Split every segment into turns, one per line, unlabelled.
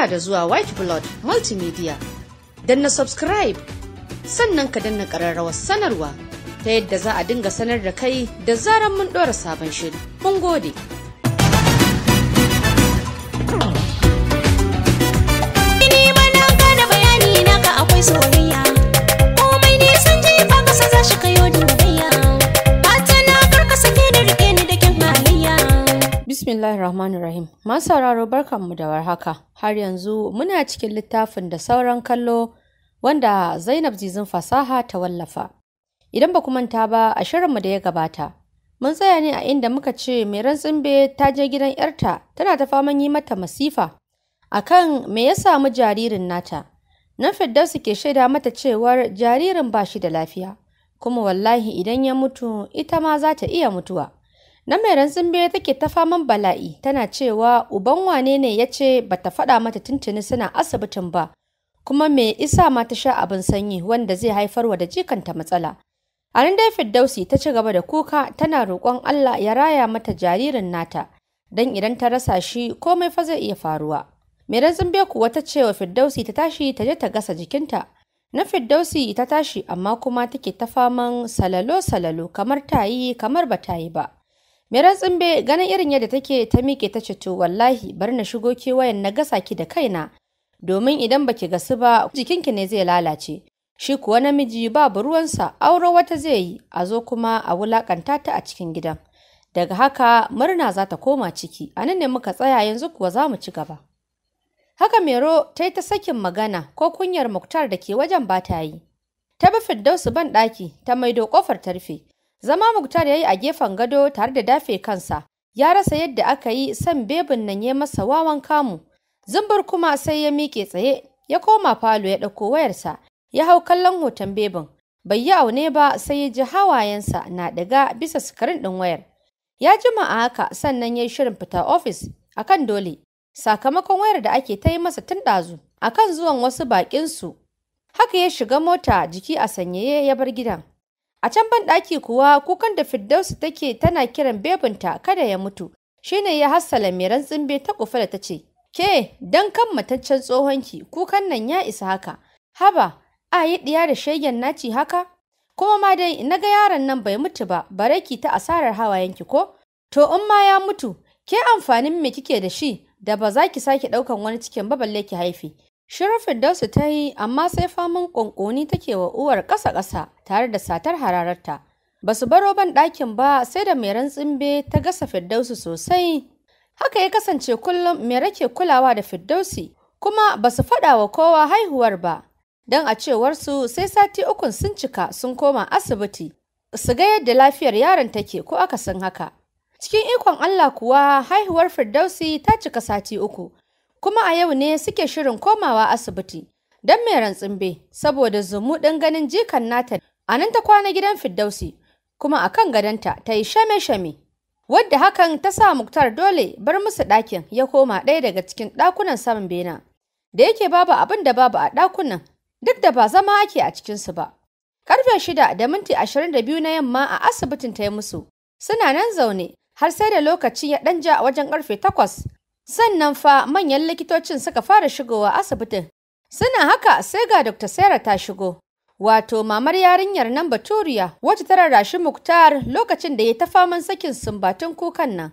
Barka da zuwa White Blood Multimedia. Danna subscribe sannan ka danna ƙararrawar sanarwa ta yadda za a dinga sanar da kai da zaran mun ɗora sabon shiri. Mun gode. Soyayya, komai nisan ba kasa za shi kayo da Bismillahirrahmanirrahim. Masu sauraro barkanmu da warhaka. Har yanzu muna cikin littafin da sauran kallo wanda Zainab Zizin fasaha ta wallafa. Idan ba manta ba a shirinmu da ya gabata. Mun tsaya ne a inda muka ce mai rantsimbe ta je gidan ‘yarta tana ta faman yi mata masifa. Akan me ya samu jaririn nata. Nan Firdausu ke shaida mata cewar jaririn ba shi da lafiya. Kuma wallahi idan ya mutu ita ma za ta iya mutuwa. Na mai rantsin biyu take ta faman bala'i tana cewa uban wane ne ya ce ba ta faɗa mata tuntuni suna asibitin ba, kuma me isa ma ta sha abin sanyi wanda zai haifar wa da jikanta matsala. A dai Firdausi ta ci gaba da kuka tana roƙon Allah ya raya mata jaririn nata, don idan ta rasa shi komai fa zai iya faruwa. Mai rantsin biyu kuwa ta ce wa Firdausi ta tashi ta je ta gasa jikinta. Na Firdausi ta tashi amma kuma take ta faman salalo-salalo kamar ta yi kamar ba ta yi ba. Miran tsimbe ganin irin yadda take ta miƙe ta ce to wallahi bari na shigo kewayen na gasa ki da kaina domin idan baki gasu ba jikinki ne zai lalace. Shi kuwa namiji babu ruwansa auro wata zai yi a zo kuma a wulakanta ta a cikin gidan. Daga haka murna za ta koma ciki a nan ne muka tsaya yanzu kuwa za mu ci gaba. Haka Mero ta yi ta sakin magana ko kunyar Muktar da ke wajen ba ta yi. Ta bi Firdausu ban ta maido ƙofar ta rufe. Zama Muktar ya yi a gefen gado tare da dafe kansa, ya rasa yadda aka yi san bebin nan ya masa wawan kamu. Zumbar kuma sai ya miƙe tsaye, ya koma falo ya ɗauko wayarsa, ya hau kallon hoton bebin. Bai yi aune ba sai ya ji hawayensa na ɗaga bisa sukarin ɗin wayar. Ya jima a haka sannan ya yi shirin fita ofis a kan dole, sakamakon wayar da ake ta yi masa tun ɗazu a kan zuwan wasu baƙinsu. Haka ya shiga mota jiki a sanyaye ya bar gidan. A can banɗaki kuwa kukan da Firdausu take tana kiran bebinta kada ya mutu, Shi ne ya hassala mai rantsin ta kufa da ta ce, Ke, don kan mataccen tsohonki, kukan nan ya isa haka, haba, a yi ɗiya da shegen naci haka? Kuma ma dai, na ga yaron nan bai mutu ba, bare ta asarar hawayenki ko? To, in ma ya mutu, ke amfanin me kike da shi da ba za ki sake ɗaukan wani cikin ba balle ki haife. Shirin Firdausu ta yi amma sai faman ƙunƙuni take wa uwar ƙasa-ƙasa tare da satar hararta. Ba su baro ban ɗakin ba sai da mai rantsimbe ta gasa Firdausu sosai. Haka ya kasance kullum mai rake kulawa da Firdausi kuma ba su faɗa wa kowa haihuwar ba. Don a cewarsu sai sati ukun sun cika sun koma asibiti su ga yadda lafiyar yaron take ko aka akasin haka. Cikin ikon Allah kuwa haihuwar Firdausi ta cika sati uku kuma a yau ne suke shirin komawa asibiti don mai rantsimbe saboda zumuɗin ganin jikan nata a nan ta kwana gidan Firdausi kuma a kan gadonta ta yi shame-shame. Wadda hakan ta sa Muktar dole bar musu ɗakin ya koma ɗaya daga cikin ɗakunan saman bena. Da yake babu abin da babu a ɗakunan duk da ba zama ake a cikinsu ba. Karfe shida da minti ashirin da biyu na yamma a asibitin ta yi musu. Suna nan zaune har sai da lokaci ya ɗan ja wajen karfe takwas Sannan fa manyan likitocin suka fara shigowa asibitin. Suna haka sai ga Dr. Sarah ta shigo. Wato mamar yarinyar nan Baturiya wacce ta rarrashi Muktar lokacin da ya ta faman sakin sumbatun kukan nan.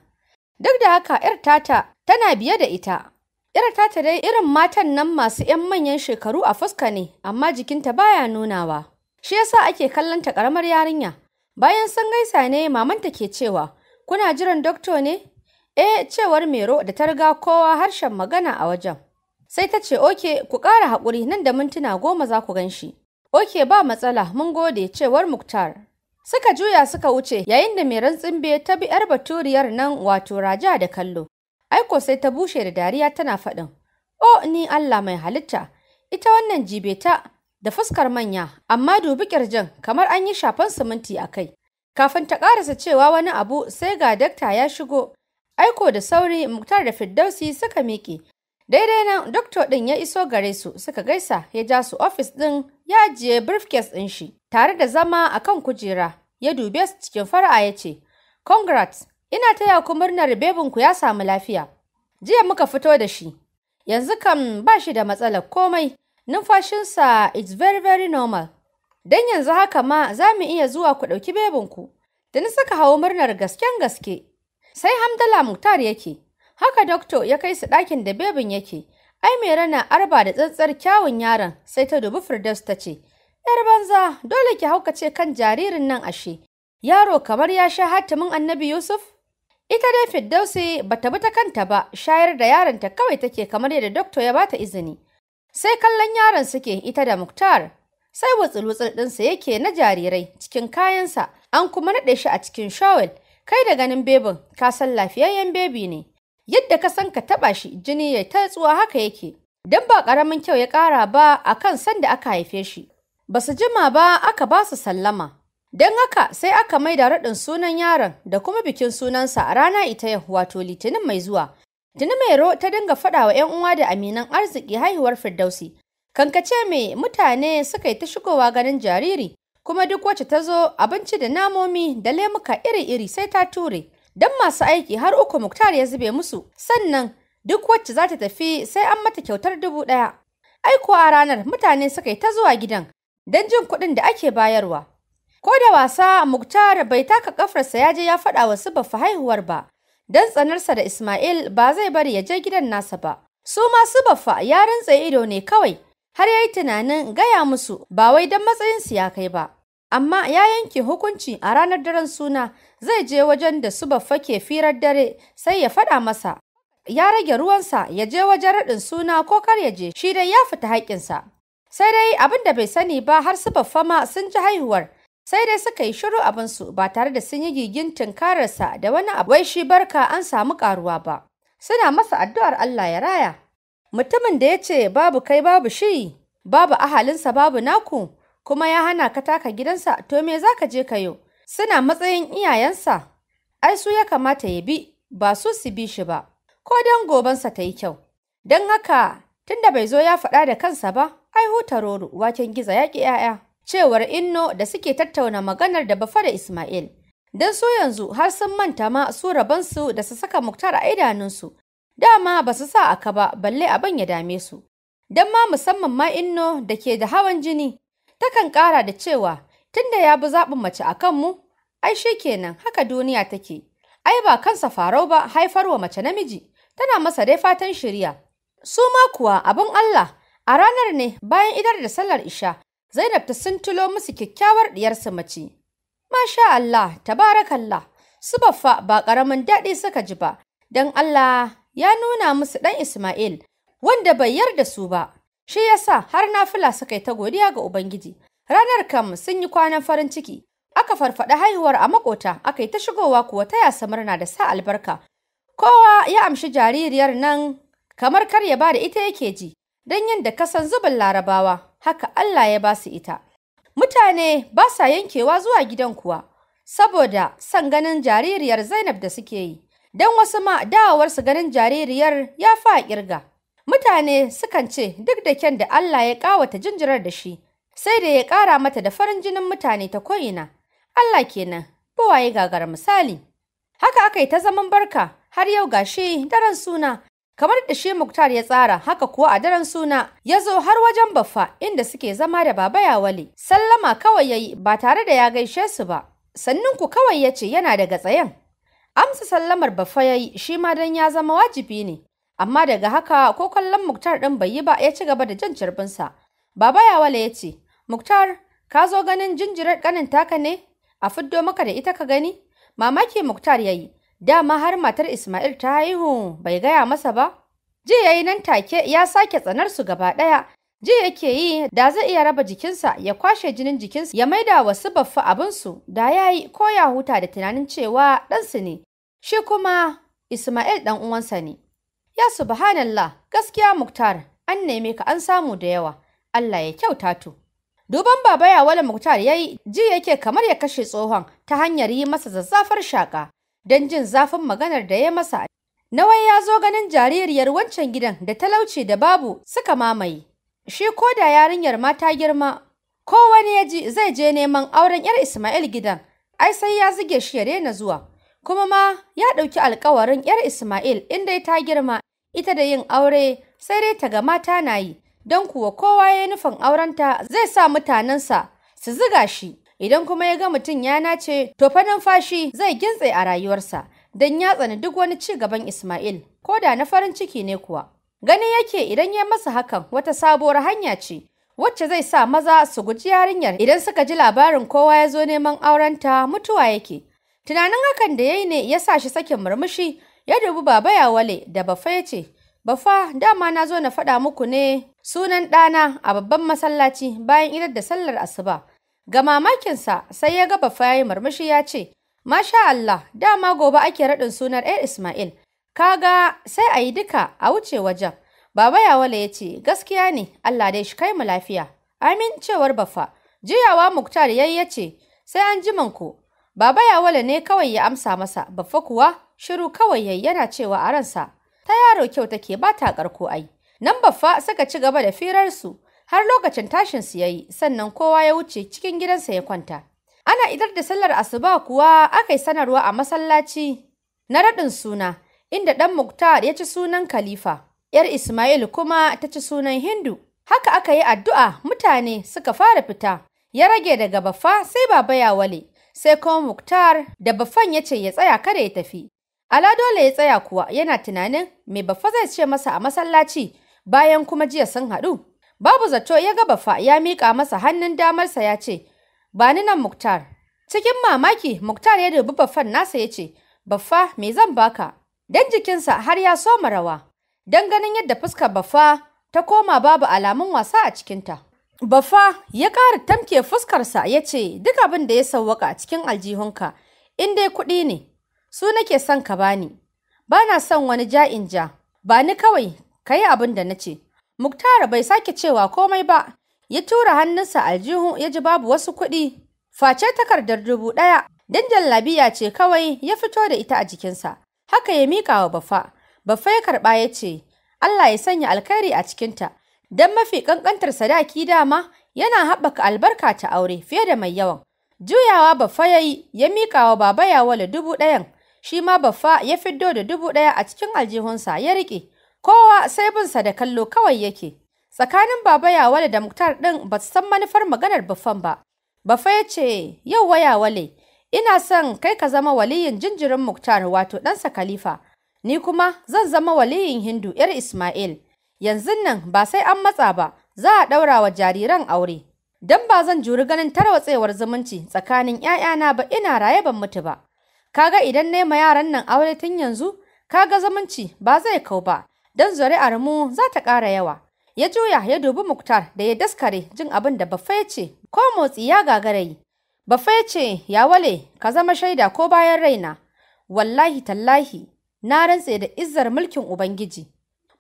Duk da haka ‘yar tata tana biye da ita. ‘Yar tata dai irin matan nan masu ‘yan manyan shekaru a fuska ne, amma jikinta baya nunawa. Shi yasa ake kallon ta ƙaramar yarinya. Bayan sun gaisa ne mamanta ke cewa, kuna jiran dokto ne? E, cewar Mero da ta riga kowa harshen magana a wajen. Sai ta ce oke ku ƙara haƙuri nan da mintuna goma za ku gan shi. Oke ba matsala mun gode cewar Muktar. Suka juya suka wuce yayin da mai rantsimbe ta bi 'yar baturiyar nan wato raja da kallo. Aiko sai ta bushe da dariya tana faɗin. O ni Allah mai halitta, ita wannan jibeta da fuskar manya, amma dubi ƙirjin kamar an yi shafan siminti a kai. Kafin ta ƙarasa cewa wani abu sai ga dakta ya shigo Aiko da sauri Muktar da Firdausi suka miƙe. Daidai nan doktor ɗin ya iso gare su suka gaisa ya ja su ofis ɗin ya ajiye briefcase ɗin shi tare da zama a kan kujera ya dube su cikin fara'a ya ce, Congrats, ina taya ku murnar bebinku ya samu lafiya. Jiya muka fito da shi, yanzu kam ba shi da matsalar komai, numfashinsa it's very very normal. Don yanzu haka ma za mu iya zuwa ku ɗauki bebinku. Da suka hau murnar gasken gaske sai hamdala muktar yake haka doktor ya kai su ɗakin da bebin yake ai mai rana arba da tsantsar kyawun yaron sai ta dubi firdaus ta ce yar banza dole ki haukace kan jaririn nan ashe yaro kamar ya sha hatimin annabi yusuf ita dai firdausi bata bi ta kanta ba shayar da yaronta kawai take kamar yadda doktor ya bata izini sai kallon yaron suke ita da muktar sai wutsul-wutsul ɗinsa yake na jarirai cikin kayansa an kuma naɗe shi a cikin shawel kai da ganin bebin ka san lafiyayyen bebi ne yadda ka san ka taba shi jini ya ta tsuwa haka yake dan ba karamin kyau ya kara ba akan san da aka haife shi basu jima ba aka ba su sallama don haka sai aka maida raɗin sunan yaron da kuma bikin sunansa a rana ita yau wato litinin mai zuwa tuni mai ro ta dinga faɗawa wa 'yan uwa da aminan arziki haihuwar firdausi kankace mai mutane suka yi ta shigowa ganin jariri kuma duk wacce ta zo abinci da namomi da lemuka iri-iri sai ta ture. Don masu aiki har uku Muktar ya zube musu, sannan duk wacce za ta tafi sai an mata kyautar dubu ɗaya. Aiko a ranar mutane suka yi ta zuwa gidan don jin kuɗin da ake bayarwa. Ko da wasa Muktar bai taka kafarsa ya je ya faɗa wa su bafa haihuwar ba, don tsanarsa da Ismail ba zai bari ya je gidan nasa ba. Su ma su bafa ya rantsa ido ne kawai, har ya yi tunanin gaya musu ba wai don matsayinsu ya kai ba. amma ya yanke hukunci a ranar daren suna zai je wajen da su baffa ke firar dare sai ya faɗa masa ya rage ruwansa ya je wajen raɗin suna ko kar ya je shi dai ya fita haƙƙinsa sai dai abin da bai sani ba har su baffa ma sun ji haihuwar sai dai suka yi shiru abinsu ba tare da sun yi gigin tunkararsa da wani abu wai shi barka an samu karuwa ba suna masa addu'ar Allah ya raya mutumin da ya ce babu kai babu shi babu ahalinsa babu naku kuma ya hana ka taka gidansa to me za ka je ka yau suna matsayin iyayensa ai su ya kamata ya bi ba su su bi shi ba ko don gobensa ta yi kyau don haka tunda bai zo ya faɗa da kansa ba ai hutaroru. waken giza ya ƙi ‘ya'ya cewar inno da suke tattauna maganar da bafa da Ismail. Don su yanzu har sun manta ma su rabansu da su saka muktar a idanunsu, dama ba su sa aka ba balle abin ya dame su. Don ma musamman ma inno da ke da hawan jini takan ƙara da cewa tunda ya bi zaɓin mace a kanmu, ai shi kenan haka duniya take, ai ba kansa farau ba haifarwa mace namiji, tana masa dai fatan shirya. Su ma kuwa abin Allah a ranar ne bayan idar da sallar isha, Zainab ta tulo musu kyakkyawar ɗiyarsu mace. Masha Allah, tabarakallah, su baffa ba ƙaramin daɗi suka ji ba, don Allah ya nuna musu ɗan Ismail, wanda bai yarda su ba, Shi yasa har nafila suka yi ta godiya ga Ubangiji. Ranar kam sun yi kwanan farin ciki. Aka farfaɗa haihuwar a makota, aka yi ta shigowa kuwa ta yasa murna da sa albarka. Kowa ya amshi jaririyar nan kamar kar ya ba da ita yake ji, don yadda kasan zubin larabawa, haka Allah ya ba su ita. Mutane ba sa yankewa zuwa gidan kuwa, saboda son ganin jaririyar Zainab da suke yi, don wasu ma dawowarsu ganin jaririyar ya fa ƙirga. Mutane sukan ce duk da kyan da Allah ya ƙawata jinjirar da shi, sai da ya ƙara mata da farin jinin mutane ta ko'ina. Allah kenan, buwaye gagara misali. Haka aka yi ta zaman barka har yau ga shi, daren suna. Kamar da shi Muktar ya tsara haka kuwa a daren suna ya zo har wajen baffa inda suke zama da baba yawale. Sallama kawai ya yi ba tare da ya gaishe su ba. ku kawai ya ce yana daga tsayen. Amsa sallamar baffa ya yi shi ma don ya zama wajibi ne. amma daga haka ko kallon muktar ɗin bai yi ba ya ci gaba da jan cirbinsa baba yawala ya ce muktar ka zo ganin jinjirar ƙanin taka ne a fiddo maka da ita ka gani mamaki muktar ya yi dama har matar ismail ta haihu bai gaya masa ba ji ya yi nan take ya sake tsanar su gaba ɗaya ji yake yi da zai iya raba jikinsa ya kwashe jinin jikinsa ya maida wa su baffa abinsu da ya yi ko ya huta da tunanin cewa ɗansu ne shi kuma ismail ɗan uwansa ne Ya subhanallah, gaskiya Muktar, an neme ka an samu da yawa. Allah ya kyauta tu. Duban baba ya wala Muktar yayi ji yake kamar ya kashe tsohon ta hanyar yi masa zazzafar shaka don jin zafin maganar da ya masa. Nawai ya zo ganin jaririyar wancan gidan da talauci da babu suka mamaye. Shi ko da yarinyar ma ta girma, wani ya ji zai je neman auren 'yar Ismail gidan, ai sai ya zige shi ya daina zuwa. Kuma ma ya ɗauki alkawarin 'yar Ismail in dai ta girma ita da yin aure sai dai ta ga mata na yi don kuwa kowa ya yi nufin aurenta zai sa mutanensa su ziga shi idan kuma ya ga mutum ya nace to fa numfashi zai gintse a rayuwarsa don ya tsani duk wani ci gaban Ismail ko da na farin ciki ne kuwa gani yake idan ya masa hakan wata sabuwar hanya ce wacce zai sa maza su guji yarinyar idan suka ji labarin kowa ya zo neman aurenta mutuwa yake tunanin hakan da ya yi ne ya sa shi sakin murmushi ya dubi baba ya wale da bafa ya ce bafa dama na zo na faɗa muku ne sunan ɗana a babban masallaci bayan idar da sallar asuba ga mamakinsa sai ya ga bafa ya yi murmushi ya ce masha Allah dama gobe ake raɗin sunar ‘yar Ismail kaga sai a yi duka a wuce wajen baba ya wale ya ce gaskiya ne Allah dai shi kai mu lafiya amin cewar bafa jiyawa muktar yayi ya ce sai an ji manku baba ya wale ne kawai ya amsa masa bafa kuwa shiru kawai yayi yana cewa a ransa ta yaro kyau take ba ta karko ai nan baffa suka ci gaba da firar su har lokacin tashin su yayi sannan kowa ya wuce cikin gidansa ya kwanta ana idar da sallar asuba kuwa aka sanarwa a masallaci na raɗin suna inda ɗan Muktar ya ci sunan Khalifa, ‘yar Ismail kuma ta ci sunan Hindu. Haka aka yi addu'a mutane suka fara fita, ya rage daga Baffa sai Baba ya wale, sai kuma Muktar da Baffan ya ce ya tsaya kada ya tafi, Ala dole ya tsaya kuwa yana tunanin me baffa zai ce masa a masallaci bayan kuma jiya sun haɗu. Babu zato ya ga baffa ya miƙa masa hannun damarsa ya ce, Ba ni nan Muktar. Cikin mamaki Muktar ya dubi baffan nasa ya ce, Baffa me zan baka? Dan jikinsa har ya soma rawa. Dan ganin yadda fuskar baffa ta koma babu alamun wasa a cikinta. Baffa ya ƙara tamke fuskarsa ya ce, Duk abin da ya sauwaka a cikin aljihunka, in dai kuɗi ne, su nake son ka bani ba na son wani ja'in ja ba ni kawai ka yi abin da na ce muktar bai sake cewa komai ba ya tura hannunsa aljihu ya ji babu wasu kuɗi face takardar dubu ɗaya don labiya ce kawai ya fito da ita a jikinsa haka ya miƙa wa bafa bafa ya karɓa ya ce allah ya sanya alkhairi a cikinta don mafi ƙanƙantar sadaki dama yana haɓaka albarka ta aure fiye da mai yawan juyawa bafa ya yi ya miƙa wa baba yawala dubu ɗayan shi ma baffa ya fiddo da dubu ɗaya a cikin aljihunsa ya riƙe kowa sai binsa da kallo kawai yake tsakanin baba yawale da muktar ɗin ba su san manufar maganar baffan ba baffa ya ce yau Waya Wale, ina son kai ka zama waliyin jinjirin muktar wato ɗansa khalifa ni kuma zan zama waliyin hindu yar ismail yanzu nan ba sai an matsa ba za a ɗaura wa jariran aure don ba zan juri ganin tarwatsewar zumunci tsakanin ‘ya'yana ba ina raye ban mutu ba. kaga idan nema yaran nan aure tun yanzu kaga zamanci ba zai kau ba don zuri'ar mu za ta ƙara yawa ya juya ya dubi muktar da ya daskare jin abin da baffa ya ce ko motsi ya gagarai, yi baffa ya ce ya wale ka zama shaida ko bayan raina wallahi tallahi na rantse da izzar mulkin ubangiji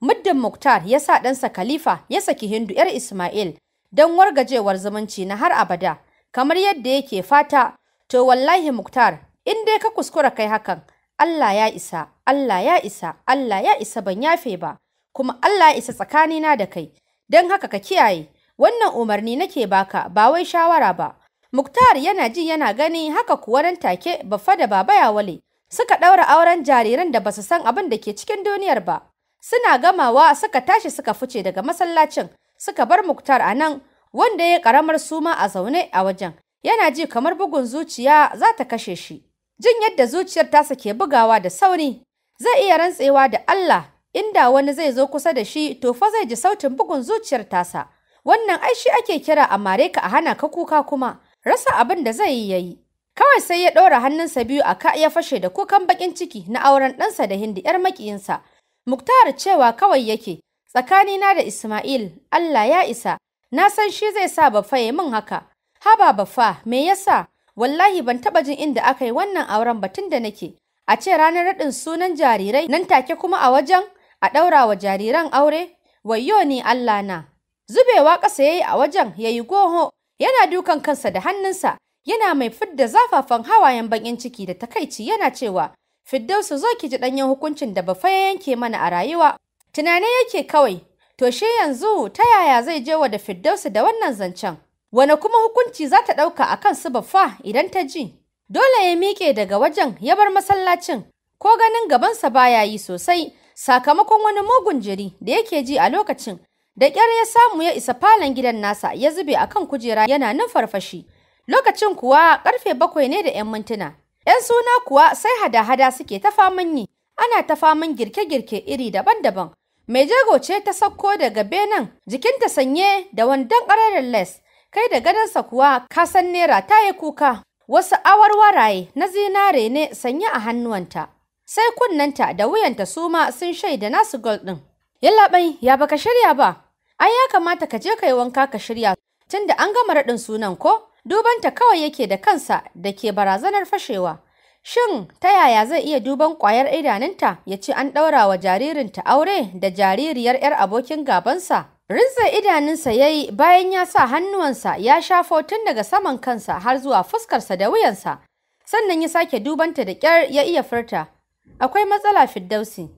muddin muktar ya sa ɗansa khalifa ya saki hindu yar ismail don wargajewar zumunci na har abada kamar yadda yake fata to wallahi muktar in dai ka kuskura kai hakan Allah ya isa Allah ya isa Allah ya isa ban yafe ba kuma Allah ya isa tsakanina da kai don haka ka kiyaye wannan umarni nake baka ba wai shawara ba Muktar yana ji yana gani haka kuwa nan take bafa da baba ya wale suka ɗaura auren jariran da basu san abin da ke cikin duniyar ba suna gamawa suka tashi suka fice daga masallacin suka bar Muktar a nan wanda ya karamar suma a zaune a wajen yana ji kamar bugun zuciya za ta kashe shi Jin yadda zuciyar tasa ke bugawa da sauri, zai iya rantsewa da Allah inda wani zai zo kusa da shi to fa zai ji sautin bugun zuciyar tasa. Wannan ai shi ake kira a mare ka a hana ka kuka kuma, rasa abin da zai yi yayi. Kawai sai ya ɗora hannunsa biyu a ka ya fashe da kukan bakin ciki na auren ɗansa da hindi ‘yar maƙiyinsa. Muktar cewa kawai yake, tsakanina da Ismail, Allah ya isa, na san shi zai sa bafa ya min haka. Haba bafa, me yasa? wallahi ban taba jin inda aka yi wannan auren batun da nake a ce ranar raɗin sunan jarirai nan take kuma a wajen a ɗaura wa jariran aure wayyo ne, Allah na zubewa ƙasa yayi a wajen yayi goho yana dukan kansa da hannunsa yana mai fidda zafafan hawayen bakin ciki da takaici yana cewa Firdausu zo ki ji ɗanyen hukuncin da bafa ya yanke mana a rayuwa tunani yake kawai to shi yanzu ta yaya zai je wa da Firdausu da wannan zancen Wane kuma hukunci za ta ɗauka a kan su baffa idan ta ji? Dole ya miƙe daga wajen ya bar masallacin, ko ganin gabansa baya yi sosai sakamakon wani mugun jiri da yake ji a lokacin. Da ƙyar ya samu ya isa falon gidan nasa ya zube a kan kujera yana nan farfashi. Lokacin kuwa ƙarfe bakwai ne da ‘yan mintuna. ‘Yan suna kuwa sai hada-hada suke ta faman yi, ana ta faman girke-girke iri daban-daban. Mai jago ce ta sauko daga benen, jikinta sanye da wandon ƙararren les, kai da gadonsa kuwa kasan nera ta yi kuka wasu awarwaraye na zinare ne sanyi a hannuwanta sai kunnanta da wuyanta suma sun shaida nasu gold ɗin yallaɓai ya baka shirya ba ai ya kamata ka je ka wanka ka shirya tunda an gama raɗin sunan ko dubanta kawai yake da kansa da ke barazanar fashewa Shin ta yaya zai iya duban ƙwayar idanunta ya ci an ɗaura wa jaririnta aure da jaririyar 'yar abokin gabansa? Rinsa idanunsa ya yi bayan ya sa hannuwansa ya sha tun daga saman kansa har zuwa fuskarsa da wuyansa, sannan ya sake dubanta da kyar ya iya furta. Akwai matsala Fiddausi.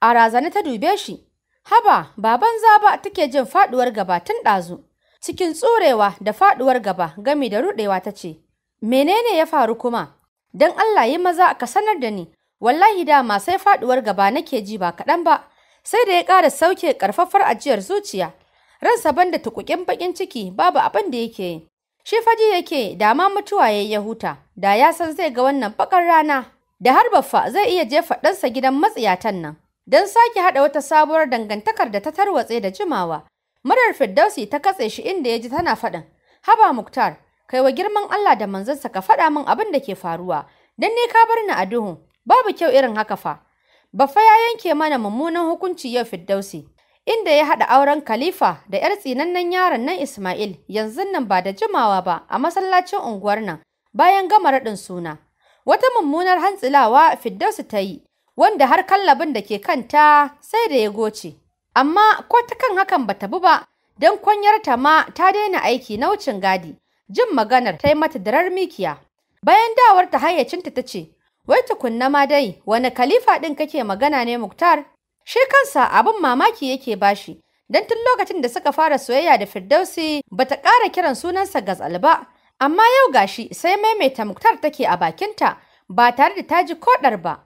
A ta dube shi, haba ba banza ba take jin faɗuwar gaba tun ɗazu. Cikin tsurewa da faɗuwar gaba gami da ruɗewa ta ce, Menene ya faru kuma? Don Allah yi maza ka sanar da ni, wallahi dama sai faɗuwar gaba nake ji ba kaɗan ba, sai da ya ƙara sauke ƙarfafar ajiyar zuciya. ransa banda tukukin bakin ciki babu abin da yake yi shi faji yake da ma mutuwa yayi ya huta da ya san zai ga wannan bakar rana da har baffa zai iya jefa ɗansa gidan matsiyatan nan don sake haɗa wata sabuwar dangantakar da ta tarwatse da jimawa murar firdausi ta katse shi inda ya ji tana faɗin haba muktar kai wa girman allah da manzansa ka faɗa min abin da ke faruwa don ni ka bar ni a duhu babu kyau irin haka fa baffa ya yanke mana mummunan hukunci yau firdausi inda ya haɗa auren Khalifa da 'yar tsinannen yaron nan Ismail yanzu nan ba da jimawa ba a masallacin unguwar nan bayan gama raɗin suna. Wata mummunar hantsilawa Fiddausu ta yi, wanda har kallabin da ke kanta sai da ya goce. Amma ko ta kan hakan bata bi ba, don ta ma ta daina aiki na wucin gadi, jin maganar ta yi mata darar mikiya. Bayan dawar ta hayyacinta ta ce, Wai tukunna ma dai, wani Khalifa ɗin kake magana ne Muktar? Shi kansa abin mamaki yake bashi, don tun lokacin da suka fara soyayya da Firdausi bata ƙara kiran sunansa Gazal ba, amma yau gashi sai maimaita Muktar take a bakinta ba tare da taji ji koɗar ba.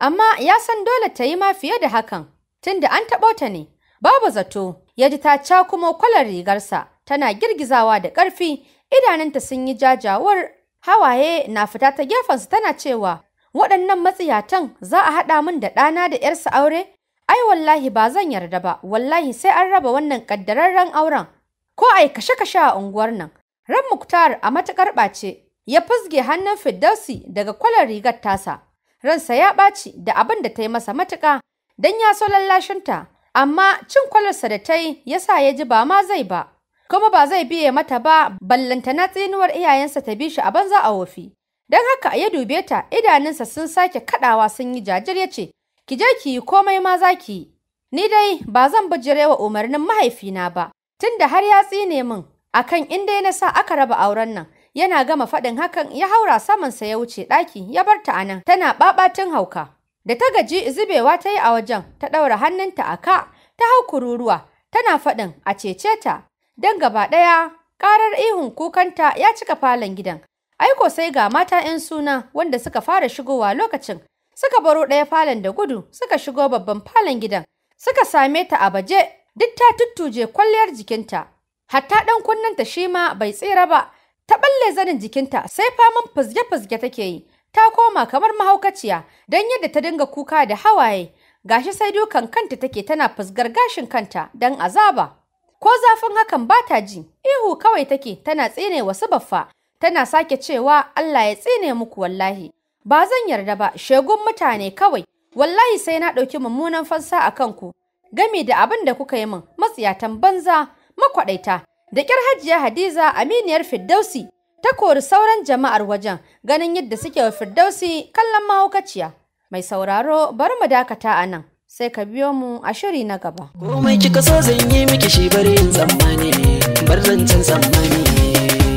Amma ya san dole ta yi ma fiye da hakan, tunda an taɓo ta ne. Babu zato, ya ji ta ca kuma kwalar rigarsa, tana girgizawa da ƙarfi, idanunta sun yi jajawar hawaye na fita ta gefensu tana cewa, waɗannan matsiyatan za a haɗa min da ɗana da ‘yarsa aure, ai wallahi ba zan yarda ba wallahi sai an raba wannan kaddararren auren ko ai kashe-kashe a unguwar nan ran muktar a matukar ɓace ya fusge hannun firdausi daga kwalar rigar tasa ransa ya ɓaci da abin da ta yi masa matuƙa don ya so lallashinta amma cin kwalarsa da ta yi ya sa ya ji ba ma zai ba kuma ba zai biye mata ba ballanta na tsinuwar iyayensa ta bi shi a banza a wofi don haka ya dube ta idanunsa sun sake kaɗawa sun yi jajir ya ce ki je ki yi komai ma za ki yi. Ni dai ba zan bijire wa umarnin mahaifina ba, tunda har ya tsine min akan in dai na sa aka raba auren nan. Yana gama faɗin hakan ya haura samansa ya wuce ɗaki ya bar ta a nan tana ɓaɓatin hauka. Da ta gaji zubewa ta yi a wajen ta ɗaura hannunta a ka ta hau kururuwa tana faɗin a cece ta don gaba ɗaya ƙarar ihun kukanta ya cika falon gidan. Aiko sai ga mata ‘yan suna wanda suka fara shigowa lokacin suka baro ɗaya falon da gudu suka shigo babban falon gidan suka same ta a baje duk ta tuttuje kwalliyar jikinta hatta ɗan ta shi ma bai tsira ba ta ɓalle zanin jikinta sai faman fizge-fizge take yi ta koma kamar mahaukaciya don yadda ta dinga kuka da hawaye gashi sai dukan kanta take tana fusgar gashin kanta don azaba ko zafin hakan ba ta ji ihu kawai take tana tsine wasu baffa tana sake cewa Allah ya tsine muku wallahi ba zan yarda ba shegun mutane kawai wallahi sai na ɗauki mummunan fansa a kanku gami da abin da kuka yi min matsiyatan banza makwaɗaita da ƙyar hajiya hadiza aminiyar firdausi ta kori sauran jama'ar wajen ganin yadda suke wa firdausi kallon mahaukaciya mai sauraro bari mu dakata a nan sai ka biyo mu a shiri na gaba komai kika so zan yi miki shi bari bar